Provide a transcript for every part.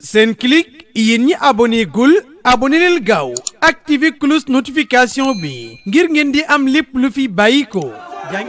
Senclic yéen ñi abonné gul abonné gaaw activé cloche notification bi ngir ngeen di am lépp lu fi bàyyi ko jàng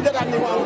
bi jotaat ni mu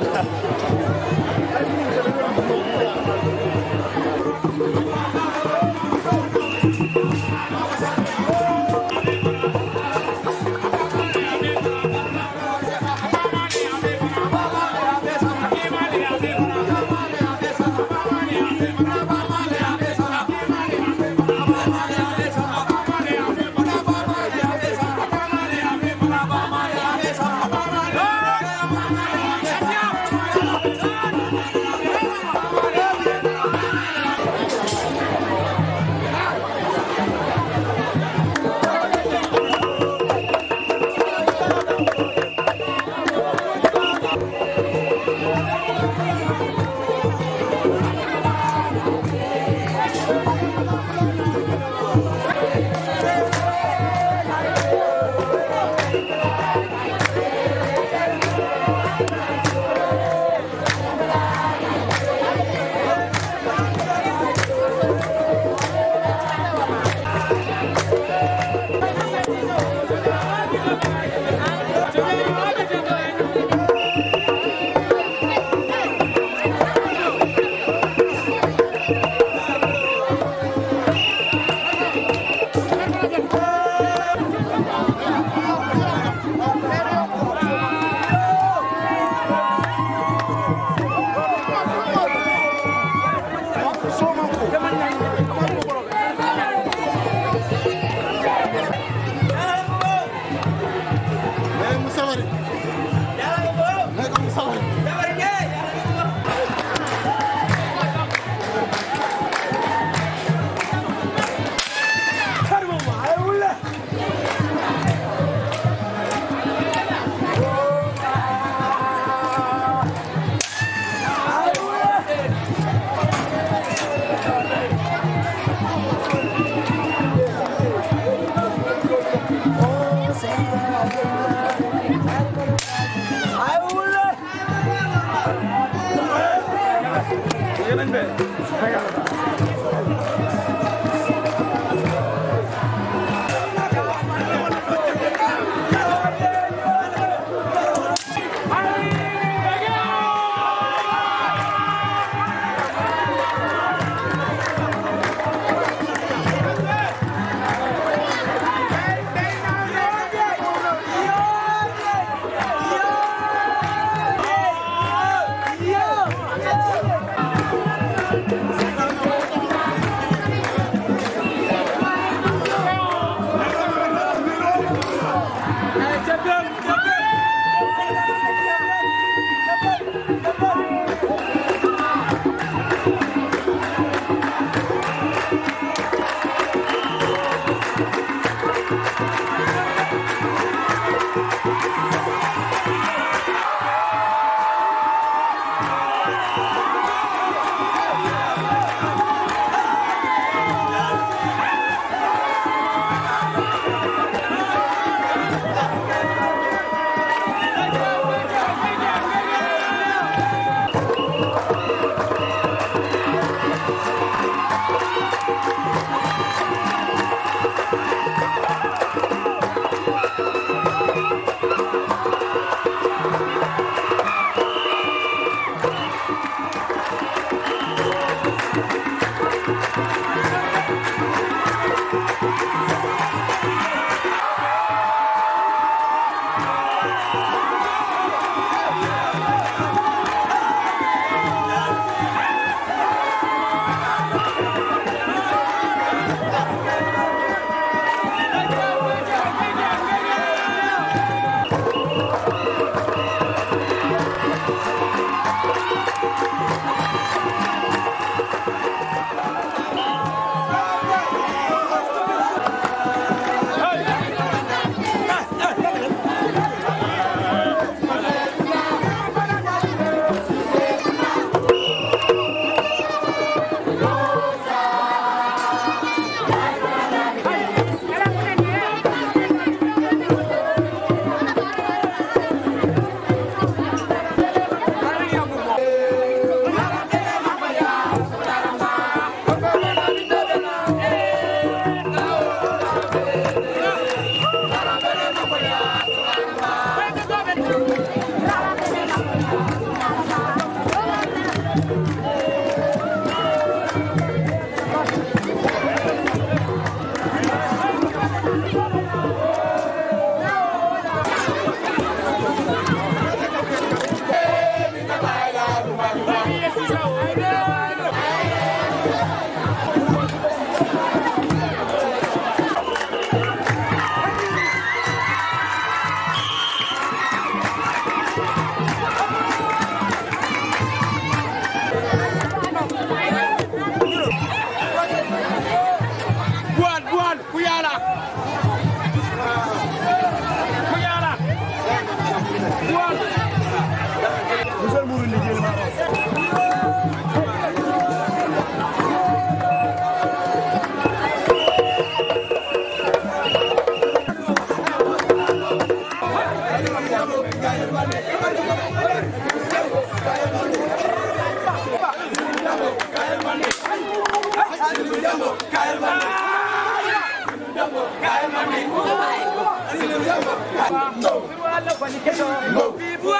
wani kiɗo bibuwa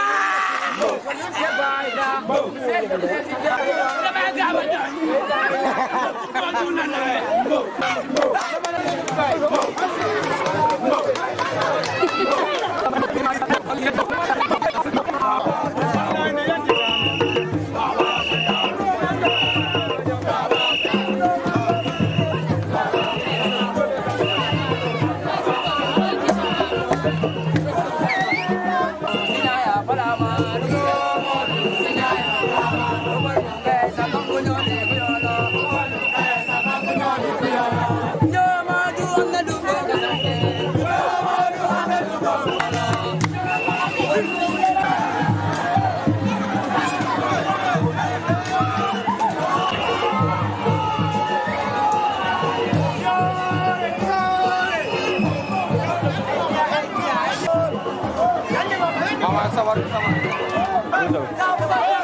ya bada dama ga bada ba duna na Thank you. Tawar.